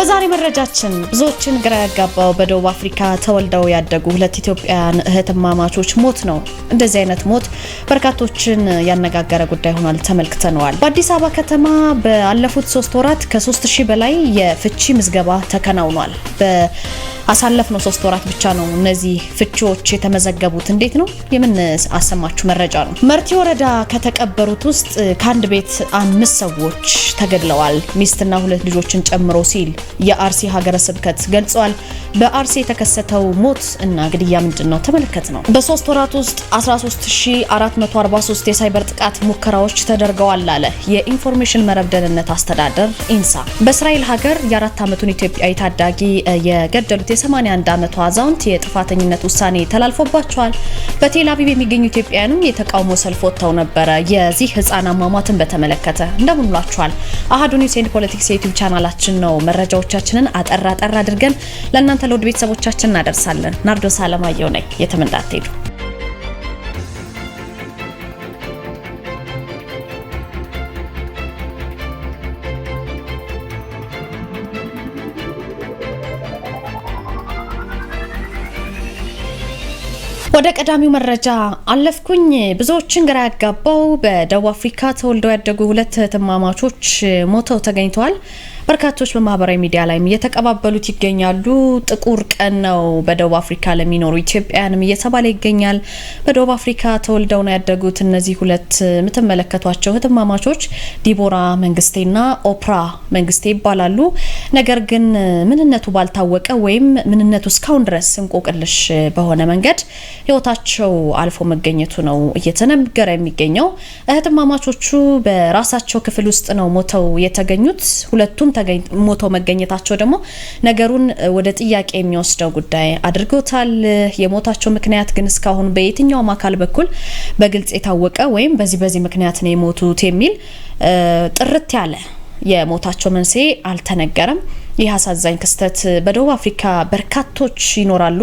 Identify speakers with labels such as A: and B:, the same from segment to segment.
A: በዛሬ መረጃችን ብዙዎችን ግራ ያጋባው በደቡብ አፍሪካ ተወልደው ያደጉ ሁለት ኢትዮጵያውያን እህትማማቾች ሞት ነው። እንደዚህ አይነት ሞት በርካቶችን ያነጋገረ ጉዳይ ሆኗል፣ ተመልክተነዋል። በአዲስ አበባ ከተማ ባለፉት ሶስት ወራት ከሶስት ሺህ በላይ የፍቺ ምዝገባ ተከናውኗል። በአሳለፍነው ሶስት ወራት ብቻ ነው እነዚህ ፍቺዎች የተመዘገቡት። እንዴት ነው የምናሰማችሁ መረጃ ነው። መርቲ ወረዳ ከተቀበሩት ውስጥ ከአንድ ቤት አምስት ሰዎች ተገድለዋል፣ ሚስትና ሁለት ልጆችን ጨምሮ ሲል የአርሲ ሀገረ ስብከት ገልጿል። በአርሲ የተከሰተው ሞት እና ግድያ ምንድን ነው ተመለከት ነው። በሶስት ወራት ውስጥ 13443 የሳይበር ጥቃት ሙከራዎች ተደርገዋል አለ የኢንፎርሜሽን መረብ ደህንነት አስተዳደር ኢንሳ። በእስራኤል ሀገር የአራት ዓመቱን ኢትዮጵያዊ ታዳጊ የገደሉት የ81 አመቱ አዛውንት የጥፋተኝነት ውሳኔ ተላልፎባቸዋል። በቴል አቪቭ የሚገኙ ኢትዮጵያውያንም የተቃውሞ ሰልፍ ወጥተው ነበረ። የዚህ ህፃን አሟሟትን በተመለከተ እንደምንሏቸዋል አሀዱ ኒውስ ኤንድ ፖለቲክስ የዩቲዩብ ቻናላችን ነው መረጃው መረጃዎቻችንን አጠር አጠር አድርገን ለእናንተ ለውድ ቤተሰቦቻችን እናደርሳለን። ናርዶስ አለማየሁ ነኝ። የተመንዳት ሄዱ ወደ ቀዳሚው መረጃ አለፍኩኝ። ብዙዎችን ግራ ያጋባው በደቡብ አፍሪካ ተወልደው ያደጉ ሁለት ትማማቾች ሞተው ተገኝተዋል። በርካቶች በማህበራዊ ሚዲያ ላይም እየተቀባበሉት ይገኛሉ። ጥቁር ቀን ነው በደቡብ አፍሪካ ለሚኖሩ ኢትዮጵያውያንም እየተባለ ይገኛል። በደቡብ አፍሪካ ተወልደው ነው ያደጉት እነዚህ ሁለት የምትመለከቷቸው እህትማማቾች ዲቦራ መንግስቴና ኦፕራ መንግስቴ ይባላሉ። ነገር ግን ምንነቱ ባልታወቀ ወይም ምንነቱ እስካሁን ድረስ እንቆቅልሽ በሆነ መንገድ ህይወታቸው አልፎ መገኘቱ ነው እየተነገረ የሚገኘው። እህትማማቾቹ በራሳቸው ክፍል ውስጥ ነው ሞተው የተገኙት ሁለቱም ሞተው መገኘታቸው ደግሞ ነገሩን ወደ ጥያቄ የሚወስደው ጉዳይ አድርጎታል። የሞታቸው ምክንያት ግን እስካሁን በየትኛውም አካል በኩል በግልጽ የታወቀ ወይም በዚህ በዚህ ምክንያት ነው የሞቱት የሚል ጥርት ያለ የሞታቸው መንስኤ አልተነገረም። ይህ አሳዛኝ ክስተት በደቡብ አፍሪካ በርካቶች ይኖራሉ።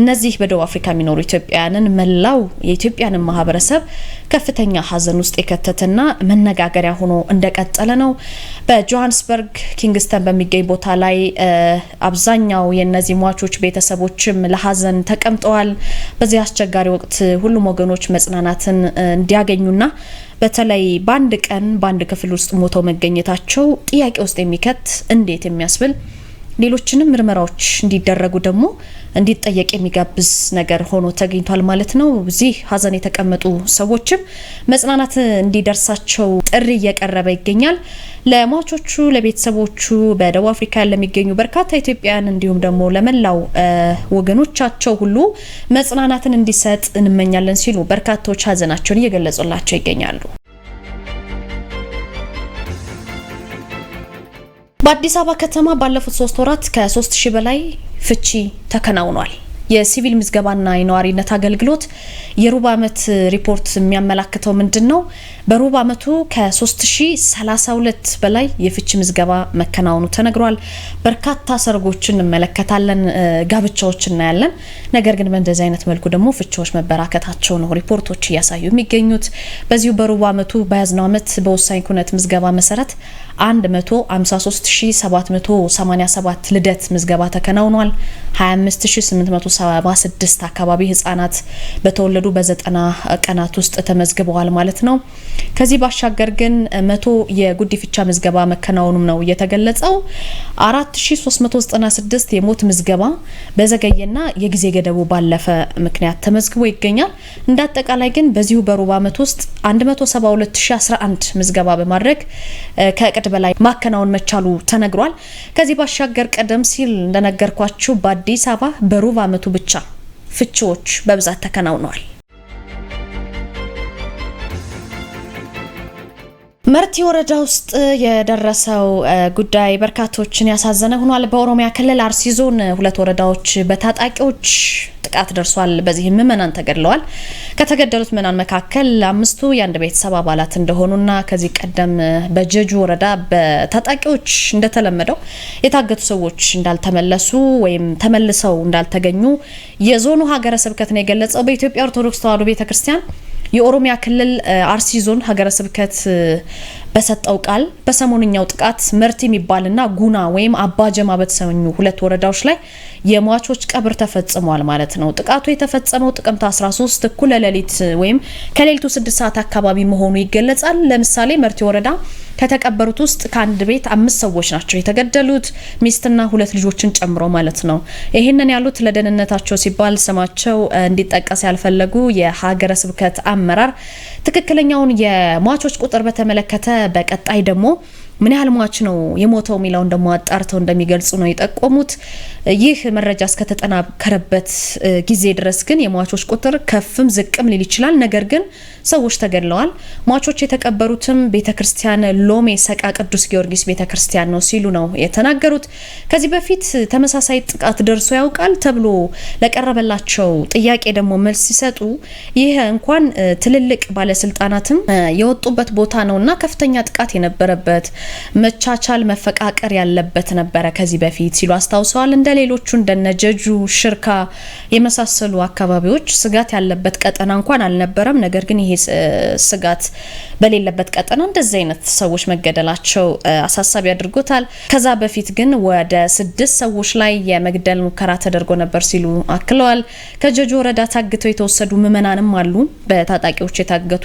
A: እነዚህ በደቡብ አፍሪካ የሚኖሩ ኢትዮጵያውያንን መላው የኢትዮጵያንን ማህበረሰብ ከፍተኛ ሐዘን ውስጥ የከተተና መነጋገሪያ ሆኖ እንደቀጠለ ነው። በጆሃንስበርግ ኪንግስተን በሚገኝ ቦታ ላይ አብዛኛው የእነዚህ ሟቾች ቤተሰቦችም ለሐዘን ተቀምጠዋል። በዚህ አስቸጋሪ ወቅት ሁሉም ወገኖች መጽናናትን እንዲያገኙና በተለይ በአንድ ቀን በአንድ ክፍል ውስጥ ሞተው መገኘታቸው ጥያቄ ውስጥ የሚከት እንዴት የሚያስብል ሌሎችንም ምርመራዎች እንዲደረጉ ደግሞ እንዲጠየቅ የሚጋብዝ ነገር ሆኖ ተገኝቷል ማለት ነው። እዚህ ሀዘን የተቀመጡ ሰዎችም መጽናናት እንዲደርሳቸው ጥሪ እየቀረበ ይገኛል። ለሟቾቹ ለቤተሰቦቹ፣ በደቡብ አፍሪካ ለሚገኙ በርካታ ኢትዮጵያውያን እንዲሁም ደግሞ ለመላው ወገኖቻቸው ሁሉ መጽናናትን እንዲሰጥ እንመኛለን ሲሉ በርካቶች ሀዘናቸውን እየገለጹላቸው ይገኛሉ። በአዲስ አበባ ከተማ ባለፉት ሶስት ወራት ከ3000 በላይ ፍቺ ተከናውኗል። የሲቪል ምዝገባና የነዋሪነት አገልግሎት የሩብ ዓመት ሪፖርት የሚያመላክተው ምንድን ነው? በሩብ ዓመቱ ከ3032 በላይ የፍቺ ምዝገባ መከናወኑ ተነግሯል። በርካታ ሰርጎችን እንመለከታለን፣ ጋብቻዎች እናያለን። ነገር ግን በእንደዚህ አይነት መልኩ ደግሞ ፍቺዎች መበራከታቸው ነው ሪፖርቶች እያሳዩ የሚገኙት። በዚሁ በሩብ ዓመቱ በያዝነው ዓመት በወሳኝ ኩነት ምዝገባ መሰረት 153787 ልደት ምዝገባ ተከናውኗል። 25876 አካባቢ ህጻናት በተወለዱ በዘጠና ቀናት ውስጥ ተመዝግበዋል ማለት ነው። ከዚህ ባሻገር ግን መቶ የጉዲፍቻ ምዝገባ መከናወኑም ነው የተገለጸው። 4396 የሞት ምዝገባ በዘገየና የጊዜ ገደቡ ባለፈ ምክንያት ተመዝግቦ ይገኛል። እንደ አጠቃላይ ግን በዚሁ በሩብ ዓመት ውስጥ 172011 ምዝገባ በማድረግ እቅድ በላይ ማከናወን መቻሉ ተነግሯል። ከዚህ ባሻገር ቀደም ሲል እንደነገርኳችሁ በአዲስ አበባ በሩብ ዓመቱ ብቻ ፍቺዎች በብዛት ተከናውነዋል። መርቲ ወረዳ ውስጥ የደረሰው ጉዳይ በርካቶችን ያሳዘነ ሆኗል። በኦሮሚያ ክልል አርሲ ዞን ሁለት ወረዳዎች በታጣቂዎች ጥቃት ደርሷል። በዚህም ምዕመናን ተገድለዋል። ከተገደሉት ምዕመናን መካከል አምስቱ የአንድ ቤተሰብ አባላት እንደሆኑና ከዚህ ቀደም በጀጁ ወረዳ በታጣቂዎች እንደተለመደው የታገቱ ሰዎች እንዳልተመለሱ ወይም ተመልሰው እንዳልተገኙ የዞኑ ሀገረ ስብከት ነው የገለጸው። በኢትዮጵያ ኦርቶዶክስ ተዋሕዶ ቤተክርስቲያን የኦሮሚያ ክልል አርሲ ዞን ሀገረ ስብከት በሰጠው ቃል በሰሞንኛው ጥቃት መርት የሚባልና ጉና ወይም አባጀማ በተሰኙ ሁለት ወረዳዎች ላይ የሟቾች ቀብር ተፈጽሟል ማለት ነው። ጥቃቱ የተፈጸመው ጥቅምት 13 እኩለ ሌሊት ወይም ከሌሊቱ 6 ሰዓት አካባቢ መሆኑ ይገለጻል። ለምሳሌ መርቲ ወረዳ ከተቀበሩት ውስጥ ከአንድ ቤት አምስት ሰዎች ናቸው የተገደሉት ሚስትና ሁለት ልጆችን ጨምሮ ማለት ነው። ይህንን ያሉት ለደህንነታቸው ሲባል ስማቸው እንዲጠቀስ ያልፈለጉ የሀገረ ስብከት አመራር ትክክለኛውን የሟቾች ቁጥር በተመለከተ በቀጣይ ደግሞ ምን ያህል ሟች ነው የሞተው የሚለው ደግሞ አጣርተው እንደሚገልጹ ነው የጠቆሙት። ይህ መረጃ እስከተጠናከረበት ጊዜ ድረስ ግን የሟቾች ቁጥር ከፍም ዝቅም ሊል ይችላል። ነገር ግን ሰዎች ተገድለዋል። ሟቾች የተቀበሩትም ቤተክርስቲያን ሎሜ ሰቃ ቅዱስ ጊዮርጊስ ቤተክርስቲያን ነው ሲሉ ነው የተናገሩት። ከዚህ በፊት ተመሳሳይ ጥቃት ደርሶ ያውቃል ተብሎ ለቀረበላቸው ጥያቄ ደግሞ መልስ ሲሰጡ ይህ እንኳን ትልልቅ ባለስልጣናትም የወጡበት ቦታ ነው እና ከፍተኛ ጥቃት የነበረበት መቻቻል፣ መፈቃቀር ያለበት ነበረ ከዚህ በፊት ሲሉ አስታውሰዋል። እንደ ሌሎቹ እንደነ ጀጁ፣ ሽርካ የመሳሰሉ አካባቢዎች ስጋት ያለበት ቀጠና እንኳን አልነበረም። ነገር ግን ይሄ ስጋት በሌለበት ቀጠና እንደዚህ አይነት ሰዎች መገደላቸው አሳሳቢ አድርጎታል። ከዛ በፊት ግን ወደ ስድስት ሰዎች ላይ የመግደል ሙከራ ተደርጎ ነበር ሲሉ አክለዋል። ከጀጁ ወረዳ ታግተው የተወሰዱ ምዕመናንም አሉ በታጣቂዎች የታገቱ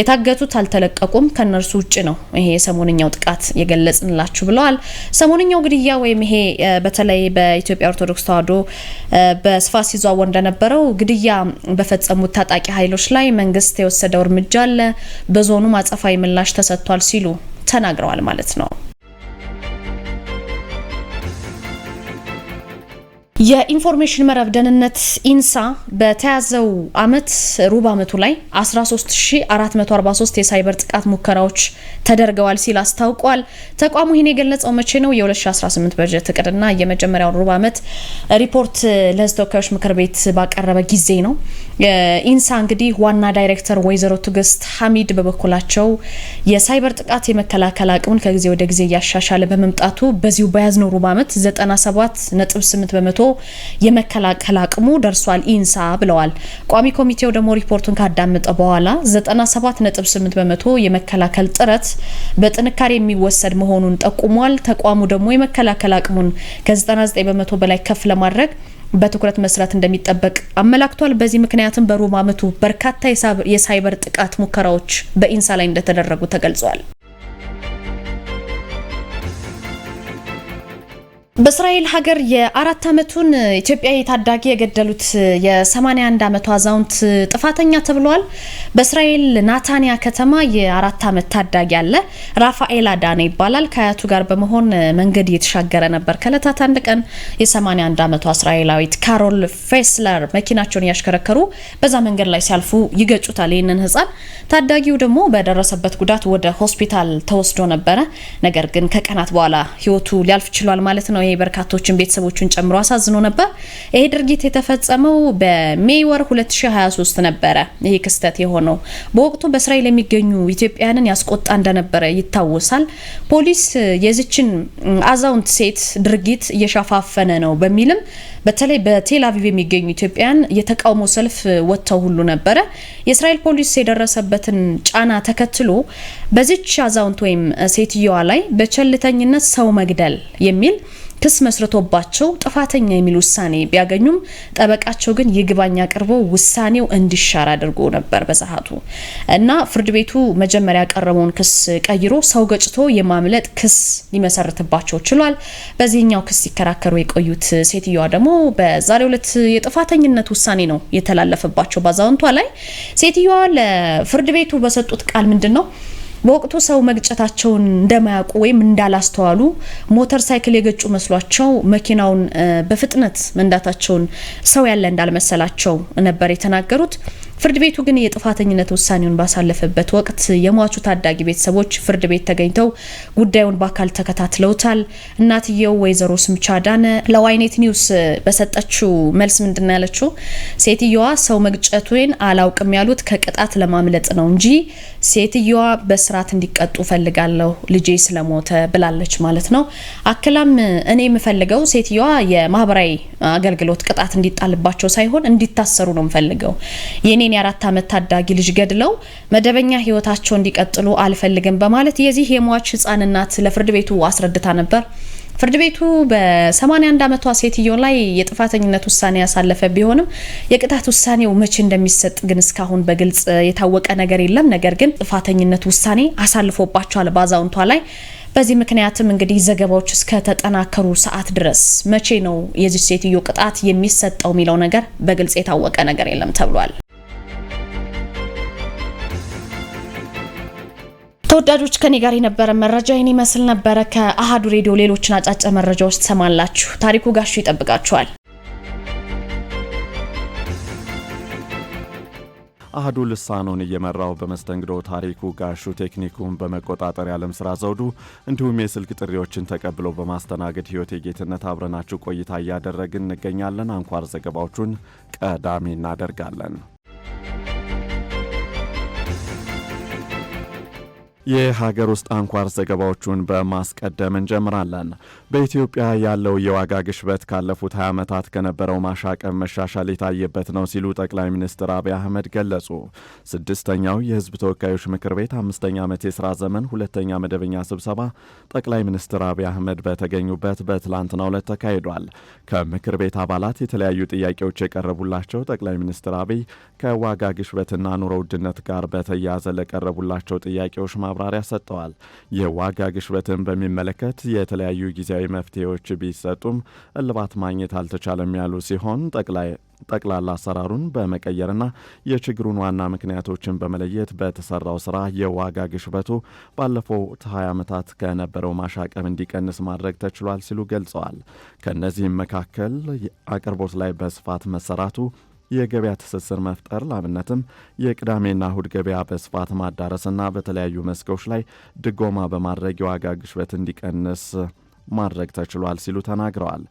A: የታገቱት አልተለቀቁም። ከነርሱ ውጭ ነው ይሄ የሰሞንኛው ጥቃት ጥቃት የገለጽንላችሁ ብለዋል። ሰሞንኛው ግድያ ወይም ይሄ በተለይ በኢትዮጵያ ኦርቶዶክስ ተዋሕዶ በስፋት ሲዘዋወር እንደነበረው ግድያ በፈጸሙት ታጣቂ ኃይሎች ላይ መንግስት የወሰደው እርምጃ አለ፣ በዞኑ አጸፋዊ ምላሽ ተሰጥቷል ሲሉ ተናግረዋል ማለት ነው። የኢንፎርሜሽን መረብ ደህንነት ኢንሳ በተያዘው አመት ሩብ አመቱ ላይ 13443 የሳይበር ጥቃት ሙከራዎች ተደርገዋል ሲል አስታውቋል። ተቋሙ ይህን የገለጸው መቼ ነው? የ2018 በጀት እቅድና የመጀመሪያውን ሩብ አመት ሪፖርት ለህዝብ ተወካዮች ምክር ቤት ባቀረበ ጊዜ ነው። ኢንሳ እንግዲህ ዋና ዳይሬክተር ወይዘሮ ትግስት ሀሚድ በበኩላቸው የሳይበር ጥቃት የመከላከል አቅሙን ከጊዜ ወደ ጊዜ እያሻሻለ በመምጣቱ በዚሁ በያዝነው ሩብ አመት 97.8 በመቶ የመከላከል አቅሙ ደርሷል ኢንሳ ብለዋል። ቋሚ ኮሚቴው ደግሞ ሪፖርቱን ካዳመጠ በኋላ 97.8 በመቶ የመከላከል ጥረት በጥንካሬ የሚወሰድ መሆኑን ጠቁሟል። ተቋሙ ደግሞ የመከላከል አቅሙን ከ99 በመቶ በላይ ከፍ ለማድረግ በትኩረት መስራት እንደሚጠበቅ አመላክቷል። በዚህ ምክንያትም በሩብ ዓመቱ በርካታ የሳይበር ጥቃት ሙከራዎች በኢንሳ ላይ እንደተደረጉ ተገልጿል። በእስራኤል ሀገር የአራት ዓመቱን ኢትዮጵያዊ ታዳጊ የገደሉት የ81 ዓመቱ አዛውንት ጥፋተኛ ተብለዋል። በእስራኤል ናታንያ ከተማ የአራት ዓመት ታዳጊ አለ። ራፋኤል አዳነ ይባላል። ከአያቱ ጋር በመሆን መንገድ እየተሻገረ ነበር። ከእለታት አንድ ቀን የ81 ዓመቱ እስራኤላዊት ካሮል ፌስለር መኪናቸውን እያሽከረከሩ በዛ መንገድ ላይ ሲያልፉ ይገጩታል ይህንን ህጻን ታዳጊው ደግሞ በደረሰበት ጉዳት ወደ ሆስፒታል ተወስዶ ነበረ። ነገር ግን ከቀናት በኋላ ህይወቱ ሊያልፍ ችሏል ማለት ነው። በርካቶችን ቤተሰቦችን ጨምሮ አሳዝኖ ነበር። ይሄ ድርጊት የተፈጸመው በሜይ ወር 2023 ነበረ። ይህ ክስተት የሆነው በወቅቱ በእስራኤል የሚገኙ ኢትዮጵያውያንን ያስቆጣ እንደነበረ ይታወሳል። ፖሊስ የዚችን አዛውንት ሴት ድርጊት እየሸፋፈነ ነው በሚልም በተለይ በቴል አቪቭ የሚገኙ ኢትዮጵያን የተቃውሞ ሰልፍ ወጥተው ሁሉ ነበረ። የእስራኤል ፖሊስ የደረሰበትን ጫና ተከትሎ በዚች አዛውንት ወይም ሴትየዋ ላይ በቸልተኝነት ሰው መግደል የሚል ክስ መስርቶባቸው ጥፋተኛ የሚል ውሳኔ ቢያገኙም ጠበቃቸው ግን ይግባኝ አቅርበው ውሳኔው እንዲሻር አድርጎ ነበር በሰዓቱ እና ፍርድ ቤቱ መጀመሪያ ያቀረበውን ክስ ቀይሮ ሰው ገጭቶ የማምለጥ ክስ ሊመሰርትባቸው ችሏል። በዚህኛው ክስ ሲከራከሩ የቆዩት ሴትዮዋ ደግሞ በዛሬው ዕለት የጥፋተኝነት ውሳኔ ነው የተላለፈባቸው በአዛውንቷ ላይ። ሴትዮዋ ለፍርድ ቤቱ በሰጡት ቃል ምንድን ነው በወቅቱ ሰው መግጨታቸውን እንደማያውቁ ወይም እንዳላስተዋሉ ሞተር ሳይክል የገጩ መስሏቸው መኪናውን በፍጥነት መንዳታቸውን ሰው ያለ እንዳልመሰላቸው ነበር የተናገሩት። ፍርድ ቤቱ ግን የጥፋተኝነት ውሳኔውን ባሳለፈበት ወቅት የሟቹ ታዳጊ ቤተሰቦች ፍርድ ቤት ተገኝተው ጉዳዩን በአካል ተከታትለውታል። እናትየው ወይዘሮ ስምቻ ለዋይኔት ኒውስ በሰጠችው መልስ ምንድን ያለችው? ሴትየዋ ሰው መግጨቱን አላውቅም ያሉት ከቅጣት ለማምለጥ ነው እንጂ ሴትየዋ በስርዓት እንዲቀጡ ፈልጋለሁ ልጄ ስለሞተ ብላለች ማለት ነው። አክላም እኔ የምፈልገው ሴትየዋ የማህበራዊ አገልግሎት ቅጣት እንዲጣልባቸው ሳይሆን እንዲታሰሩ ነው የምፈልገው የኔ የኔን የአራት ዓመት ታዳጊ ልጅ ገድለው መደበኛ ህይወታቸው እንዲቀጥሉ አልፈልግም በማለት የዚህ የሟች ህፃን እናት ለፍርድ ቤቱ አስረድታ ነበር። ፍርድ ቤቱ በ81 ዓመቷ ሴትዮ ላይ የጥፋተኝነት ውሳኔ ያሳለፈ ቢሆንም የቅጣት ውሳኔው መቼ እንደሚሰጥ ግን እስካሁን በግልጽ የታወቀ ነገር የለም። ነገር ግን ጥፋተኝነት ውሳኔ አሳልፎባቸዋል በአዛውንቷ ላይ። በዚህ ምክንያትም እንግዲህ ዘገባዎች እስከተጠናከሩ ሰዓት ድረስ መቼ ነው የዚህ ሴትዮ ቅጣት የሚሰጠው የሚለው ነገር በግልጽ የታወቀ ነገር የለም ተብሏል። ተወዳጆች ከኔ ጋር የነበረ መረጃ ይህን ይመስል ነበረ። ከአሃዱ ሬዲዮ ሌሎችን አጫጭር መረጃዎች ትሰማላችሁ። ታሪኩ ጋሹ ይጠብቃችኋል።
B: አህዱ ልሳኑን እየመራው በመስተንግዶ ታሪኩ ጋሹ፣ ቴክኒኩን በመቆጣጠር ያለም ስራ ዘውዱ፣ እንዲሁም የስልክ ጥሪዎችን ተቀብሎ በማስተናገድ ህይወት የጌትነት አብረናችሁ ቆይታ እያደረግን እንገኛለን። አንኳር ዘገባዎቹን ቀዳሚ እናደርጋለን። የሀገር ውስጥ አንኳር ዘገባዎቹን በማስቀደም እንጀምራለን። በኢትዮጵያ ያለው የዋጋ ግሽበት ካለፉት 20 ዓመታት ከነበረው ማሻቀብ መሻሻል የታየበት ነው ሲሉ ጠቅላይ ሚኒስትር አብይ አህመድ ገለጹ። ስድስተኛው የህዝብ ተወካዮች ምክር ቤት አምስተኛ ዓመት የሥራ ዘመን ሁለተኛ መደበኛ ስብሰባ ጠቅላይ ሚኒስትር አብይ አህመድ በተገኙበት በትላንትናው ዕለት ተካሂዷል። ከምክር ቤት አባላት የተለያዩ ጥያቄዎች የቀረቡላቸው ጠቅላይ ሚኒስትር አብይ ከዋጋ ግሽበትና ኑሮ ውድነት ጋር በተያያዘ ለቀረቡላቸው ጥያቄዎች ማብራ ማብራሪያ ሰጥተዋል። የዋጋ ግሽበትን በሚመለከት የተለያዩ ጊዜያዊ መፍትሄዎች ቢሰጡም እልባት ማግኘት አልተቻለም ያሉ ሲሆን ጠቅላይ ጠቅላላ አሰራሩን በመቀየርና የችግሩን ዋና ምክንያቶችን በመለየት በተሰራው ስራ የዋጋ ግሽበቱ ባለፈው 20 ዓመታት ከነበረው ማሻቀብ እንዲቀንስ ማድረግ ተችሏል ሲሉ ገልጸዋል። ከእነዚህም መካከል አቅርቦት ላይ በስፋት መሰራቱ የገበያ ትስስር መፍጠር ለአብነትም የቅዳሜና እሁድ ገበያ በስፋት ማዳረስና በተለያዩ መስኮች ላይ ድጎማ በማድረግ የዋጋ ግሽበት እንዲቀንስ ማድረግ ተችሏል ሲሉ ተናግረዋል።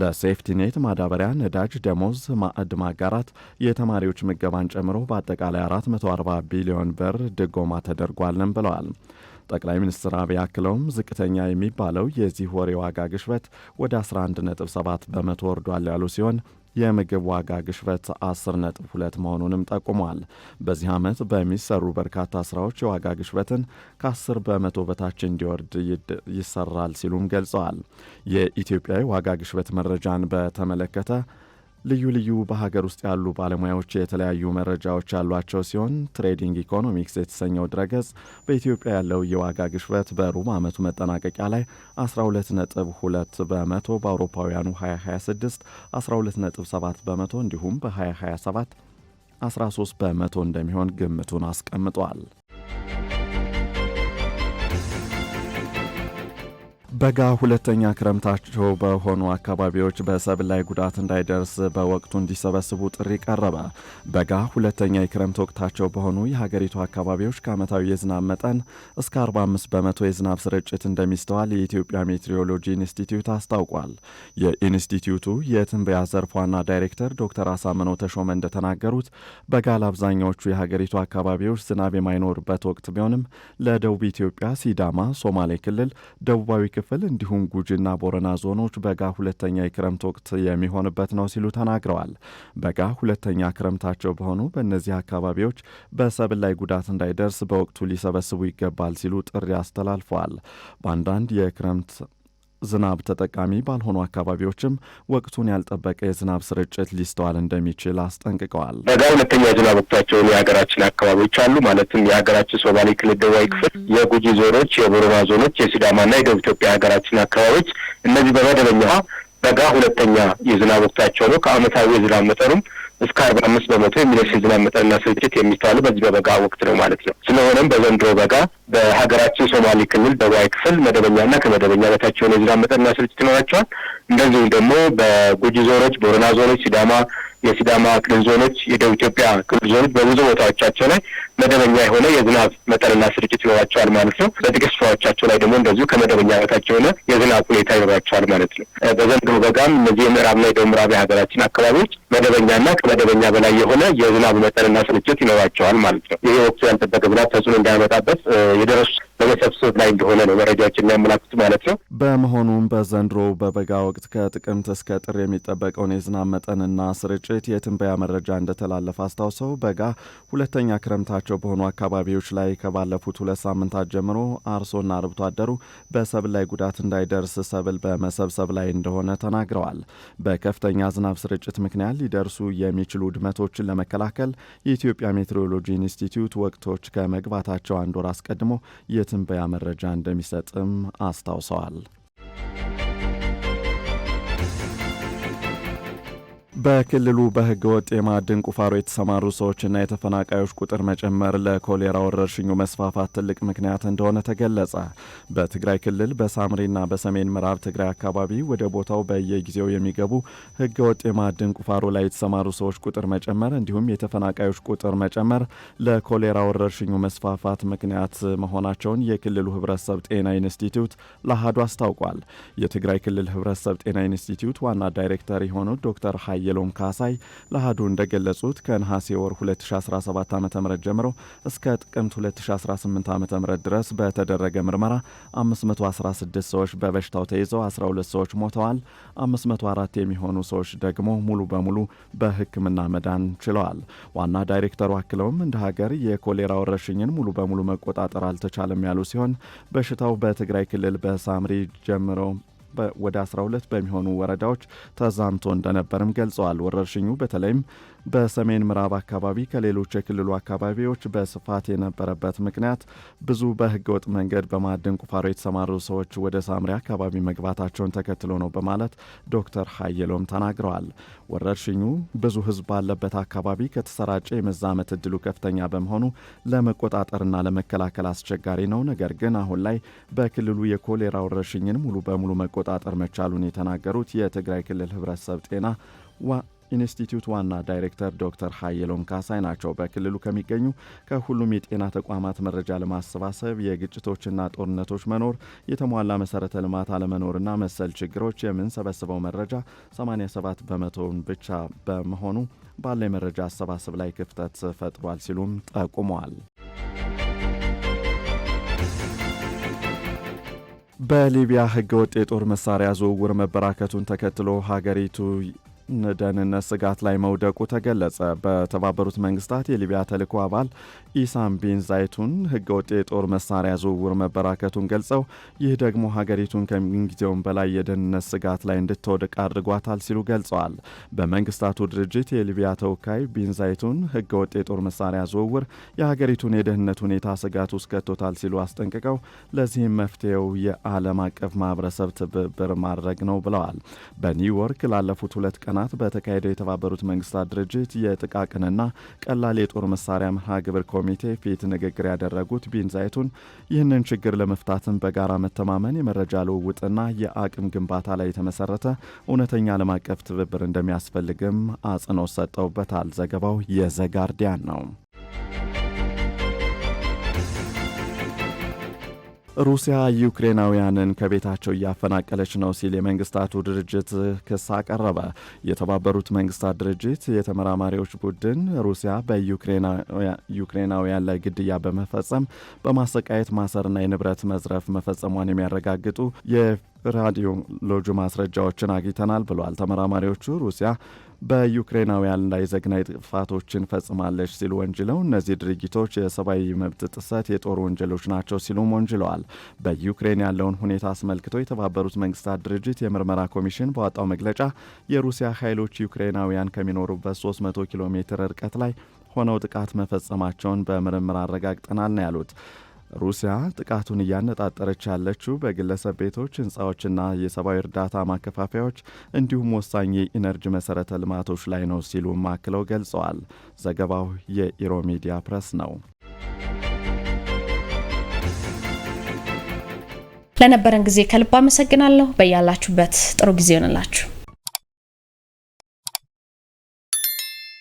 B: ለሴፍቲኔት ማዳበሪያ፣ ነዳጅ፣ ደሞዝ፣ ማዕድ ማጋራት፣ የተማሪዎች ምገባን ጨምሮ በአጠቃላይ 440 ቢሊዮን ብር ድጎማ ተደርጓልን ብለዋል። ጠቅላይ ሚኒስትር አብይ አክለውም ዝቅተኛ የሚባለው የዚህ ወር የዋጋ ግሽበት ወደ 11.7 በመቶ ወርዷል ያሉ ሲሆን የምግብ ዋጋ ግሽበት 10.2 መሆኑንም ጠቁሟል። በዚህ ዓመት በሚሰሩ በርካታ ስራዎች የዋጋ ግሽበትን ከ10 በመቶ በታች እንዲወርድ ይሰራል ሲሉም ገልጸዋል። የኢትዮጵያ የዋጋ ግሽበት መረጃን በተመለከተ ልዩ ልዩ በሀገር ውስጥ ያሉ ባለሙያዎች የተለያዩ መረጃዎች ያሏቸው ሲሆን ትሬዲንግ ኢኮኖሚክስ የተሰኘው ድረገጽ በኢትዮጵያ ያለው የዋጋ ግሽበት በሩብ ዓመቱ መጠናቀቂያ ላይ 12.2 በመቶ በአውሮፓውያኑ 2026 12.7 በመቶ እንዲሁም በ2027 13 በመቶ እንደሚሆን ግምቱን አስቀምጧል። በጋ ሁለተኛ ክረምታቸው በሆኑ አካባቢዎች በሰብል ላይ ጉዳት እንዳይደርስ በወቅቱ እንዲሰበስቡ ጥሪ ቀረበ። በጋ ሁለተኛ የክረምት ወቅታቸው በሆኑ የሀገሪቱ አካባቢዎች ከዓመታዊ የዝናብ መጠን እስከ 45 በመቶ የዝናብ ስርጭት እንደሚስተዋል የኢትዮጵያ ሜትሮሎጂ ኢንስቲትዩት አስታውቋል። የኢንስቲትዩቱ የትንበያ ዘርፍ ዋና ዳይሬክተር ዶክተር አሳምነው ተሾመ እንደተናገሩት በጋ ለአብዛኛዎቹ የሀገሪቱ አካባቢዎች ዝናብ የማይኖርበት ወቅት ቢሆንም ለደቡብ ኢትዮጵያ ሲዳማ፣ ሶማሌ ክልል፣ ደቡባዊ ክፍል ክፍል እንዲሁም ጉጂና ቦረና ዞኖች በጋ ሁለተኛ የክረምት ወቅት የሚሆንበት ነው ሲሉ ተናግረዋል። በጋ ሁለተኛ ክረምታቸው በሆኑ በእነዚህ አካባቢዎች በሰብል ላይ ጉዳት እንዳይደርስ በወቅቱ ሊሰበስቡ ይገባል ሲሉ ጥሪ አስተላልፈዋል። በአንዳንድ የክረምት ዝናብ ተጠቃሚ ባልሆኑ አካባቢዎችም ወቅቱን ያልጠበቀ የዝናብ ስርጭት ሊስተዋል እንደሚችል አስጠንቅቀዋል።
C: በጋ ሁለተኛ ዝናብ ወቅታቸውን የሀገራችን አካባቢዎች አሉ። ማለትም የሀገራችን ሶማሌ ክልል ደቡባዊ ክፍል፣ የጉጂ ዞኖች፣ የቦረና ዞኖች፣ የሲዳማና የደቡብ ኢትዮጵያ የሀገራችን አካባቢዎች እነዚህ በመደበኛ በጋ ሁለተኛ የዝናብ ወቅታቸው ነው። ከአመታዊ የዝናብ መጠኑም እስከ አርባ አምስት በመቶ የሚደርስ የዝናብ መጠንና ስርጭት የሚስተዋለው በዚህ በበጋ ወቅት ነው ማለት ነው። ስለሆነም በዘንድሮ በጋ በሀገራችን ሶማሌ ክልል ደቡባዊ ክፍል መደበኛና ከመደበኛ በታች የሆነ የዝናብ መጠንና ስርጭት ይኖራቸዋል። እንደዚሁም ደግሞ በጉጂ ዞኖች፣ ቦረና ዞኖች፣ ሲዳማ የሲዳማ ክልል ዞኖች፣ የደቡብ ኢትዮጵያ ክልል ዞኖች በብዙ ቦታዎቻቸው ላይ መደበኛ የሆነ የዝናብ መጠንና ስርጭት ይኖራቸዋል ማለት ነው። በጥቂት ስፍራዎቻቸው ላይ ደግሞ እንደዚሁ ከመደበኛ በታች የሆነ የዝናብ ሁኔታ ይኖራቸዋል ማለት ነው። በዘንድሮ በጋም እነዚህ የምዕራብና የደቡብ ምዕራብ የሀገራችን አካባቢዎች መደበኛና ከመደበኛ በላይ የሆነ የዝናብ መጠንና ስርጭት ይኖራቸዋል ማለት ነው። ይህ ወቅቱ ያልጠበቀ ዝናብ ተጽዕኖ እንዳያመጣበት የደረሱ መሰብሰብ ላይ እንደሆነ ነው መረጃዎች የሚያመላክቱ ማለት ነው።
B: በመሆኑም በዘንድሮ በበጋ ወቅት ከጥቅምት እስከ ጥር የሚጠበቀውን የዝናብ መጠንና ስርጭት የትንበያ መረጃ እንደተላለፈ አስታውሰው በጋ ሁለተኛ ክረምታቸው በሆኑ አካባቢዎች ላይ ከባለፉት ሁለት ሳምንታት ጀምሮ አርሶና አርብቶ አደሩ በሰብል ላይ ጉዳት እንዳይደርስ ሰብል በመሰብሰብ ላይ እንደሆነ ተናግረዋል። በከፍተኛ ዝናብ ስርጭት ምክንያት ሊደርሱ የሚችሉ ውድመቶችን ለመከላከል የኢትዮጵያ ሜትሮሎጂ ኢንስቲትዩት ወቅቶች ከመግባታቸው አንድ ወር አስቀድሞ የትም የትንበያ መረጃ እንደሚሰጥም አስታውሰዋል። በክልሉ በህገ ወጥ የማዕድን ቁፋሮ የተሰማሩ ሰዎችና የተፈናቃዮች ቁጥር መጨመር ለኮሌራ ወረርሽኙ መስፋፋት ትልቅ ምክንያት እንደሆነ ተገለጸ። በትግራይ ክልል በሳምሪና በሰሜን ምዕራብ ትግራይ አካባቢ ወደ ቦታው በየጊዜው የሚገቡ ህገ ወጥ የማዕድን ቁፋሮ ላይ የተሰማሩ ሰዎች ቁጥር መጨመር እንዲሁም የተፈናቃዮች ቁጥር መጨመር ለኮሌራ ወረርሽኙ መስፋፋት ምክንያት መሆናቸውን የክልሉ ህብረተሰብ ጤና ኢንስቲትዩት ለአሃዱ አስታውቋል። የትግራይ ክልል ህብረተሰብ ጤና ኢንስቲትዩት ዋና ዳይሬክተር የሆኑት ዶክተር ሀየ አየለውም ካሳይ ለአህዱ እንደገለጹት ከነሐሴ ወር 2017 ዓ ም ጀምሮ እስከ ጥቅምት 2018 ዓ ም ድረስ በተደረገ ምርመራ 516 ሰዎች በበሽታው ተይዘው 12 ሰዎች ሞተዋል። 504 የሚሆኑ ሰዎች ደግሞ ሙሉ በሙሉ በሕክምና መዳን ችለዋል። ዋና ዳይሬክተሩ አክለውም እንደ ሀገር የኮሌራ ወረርሽኝን ሙሉ በሙሉ መቆጣጠር አልተቻለም ያሉ ሲሆን በሽታው በትግራይ ክልል በሳምሪ ጀምሮ ወደ 12 በሚሆኑ ወረዳዎች ተዛምቶ እንደነበርም ገልጸዋል። ወረርሽኙ በተለይም በሰሜን ምዕራብ አካባቢ ከሌሎች የክልሉ አካባቢዎች በስፋት የነበረበት ምክንያት ብዙ በህገወጥ መንገድ በማዕድን ቁፋሮ የተሰማሩ ሰዎች ወደ ሳምሪ አካባቢ መግባታቸውን ተከትሎ ነው በማለት ዶክተር ሀየሎም ተናግረዋል። ወረርሽኙ ብዙ ህዝብ ባለበት አካባቢ ከተሰራጨ የመዛመት እድሉ ከፍተኛ በመሆኑ ለመቆጣጠርና ለመከላከል አስቸጋሪ ነው። ነገር ግን አሁን ላይ በክልሉ የኮሌራ ወረርሽኝን ሙሉ በሙሉ መቆ መቆጣጠር መቻሉን የተናገሩት የትግራይ ክልል ህብረተሰብ ጤና ኢንስቲትዩት ዋና ዳይሬክተር ዶክተር ሀየሎም ካሳይ ናቸው። በክልሉ ከሚገኙ ከሁሉም የጤና ተቋማት መረጃ ለማሰባሰብ የግጭቶችና ጦርነቶች መኖር፣ የተሟላ መሰረተ ልማት አለመኖርና መሰል ችግሮች የምንሰበስበው መረጃ 87 በመቶውን ብቻ በመሆኑ ባለ መረጃ አሰባሰብ ላይ ክፍተት ፈጥሯል ሲሉም ጠቁመዋል። በሊቢያ ህገወጥ የጦር መሳሪያ ዝውውር መበራከቱን ተከትሎ ሀገሪቱ ደህንነት ስጋት ላይ መውደቁ ተገለጸ። በተባበሩት መንግስታት የሊቢያ ተልእኮ አባል ኢሳም ቢን ዛይቱን ህገወጥ የጦር መሳሪያ ዝውውር መበራከቱን ገልጸው ይህ ደግሞ ሀገሪቱን ከምንጊዜውም በላይ የደህንነት ስጋት ላይ እንድትወድቅ አድርጓታል ሲሉ ገልጸዋል። በመንግስታቱ ድርጅት የሊቢያ ተወካይ ቢን ዛይቱን ህገወጥ የጦር መሳሪያ ዝውውር የሀገሪቱን የደህንነት ሁኔታ ስጋት ውስጥ ከቶታል ሲሉ አስጠንቅቀው ለዚህም መፍትሄው የዓለም አቀፍ ማህበረሰብ ትብብር ማድረግ ነው ብለዋል። በኒውዮርክ ላለፉት ሁለት ቀናት ቀናት በተካሄደው የተባበሩት መንግስታት ድርጅት የጥቃቅንና ቀላል የጦር መሳሪያ መርሃ ግብር ኮሚቴ ፊት ንግግር ያደረጉት ቢንዛይቱን ይህንን ችግር ለመፍታትን በጋራ መተማመን፣ የመረጃ ልውውጥና የአቅም ግንባታ ላይ የተመሰረተ እውነተኛ ዓለም አቀፍ ትብብር እንደሚያስፈልግም አጽንኦት ሰጠውበታል። ዘገባው የዘጋርዲያን ነው። ሩሲያ ዩክሬናውያንን ከቤታቸው እያፈናቀለች ነው ሲል የመንግስታቱ ድርጅት ክስ አቀረበ። የተባበሩት መንግስታት ድርጅት የተመራማሪዎች ቡድን ሩሲያ በዩክሬናውያን ላይ ግድያ በመፈጸም በማሰቃየት ማሰርና የንብረት መዝረፍ መፈጸሟን የሚያረጋግጡ የራዲዮሎጂ ማስረጃዎችን አግኝተናል ብሏል። ተመራማሪዎቹ ሩሲያ በዩክሬናውያን ላይ ዘግናይ ጥፋቶችን ፈጽማለች ሲሉ ወንጅለው እነዚህ ድርጊቶች የሰብአዊ መብት ጥሰት፣ የጦር ወንጀሎች ናቸው ሲሉም ወንጅለዋል። በዩክሬን ያለውን ሁኔታ አስመልክቶ የተባበሩት መንግስታት ድርጅት የምርመራ ኮሚሽን በወጣው መግለጫ የሩሲያ ኃይሎች ዩክሬናውያን ከሚኖሩበት 300 ኪሎ ሜትር ርቀት ላይ ሆነው ጥቃት መፈጸማቸውን በምርምር አረጋግጠናል ነው ያሉት። ሩሲያ ጥቃቱን እያነጣጠረች ያለችው በግለሰብ ቤቶች፣ ህንፃዎችና የሰብአዊ እርዳታ ማከፋፈያዎች እንዲሁም ወሳኝ የኢነርጂ መሰረተ ልማቶች ላይ ነው ሲሉም አክለው ገልጸዋል። ዘገባው የኢሮሚዲያ ፕረስ ነው። ለነበረን ጊዜ ከልብ አመሰግናለሁ። በያላችሁበት ጥሩ ጊዜ ይሆንላችሁ።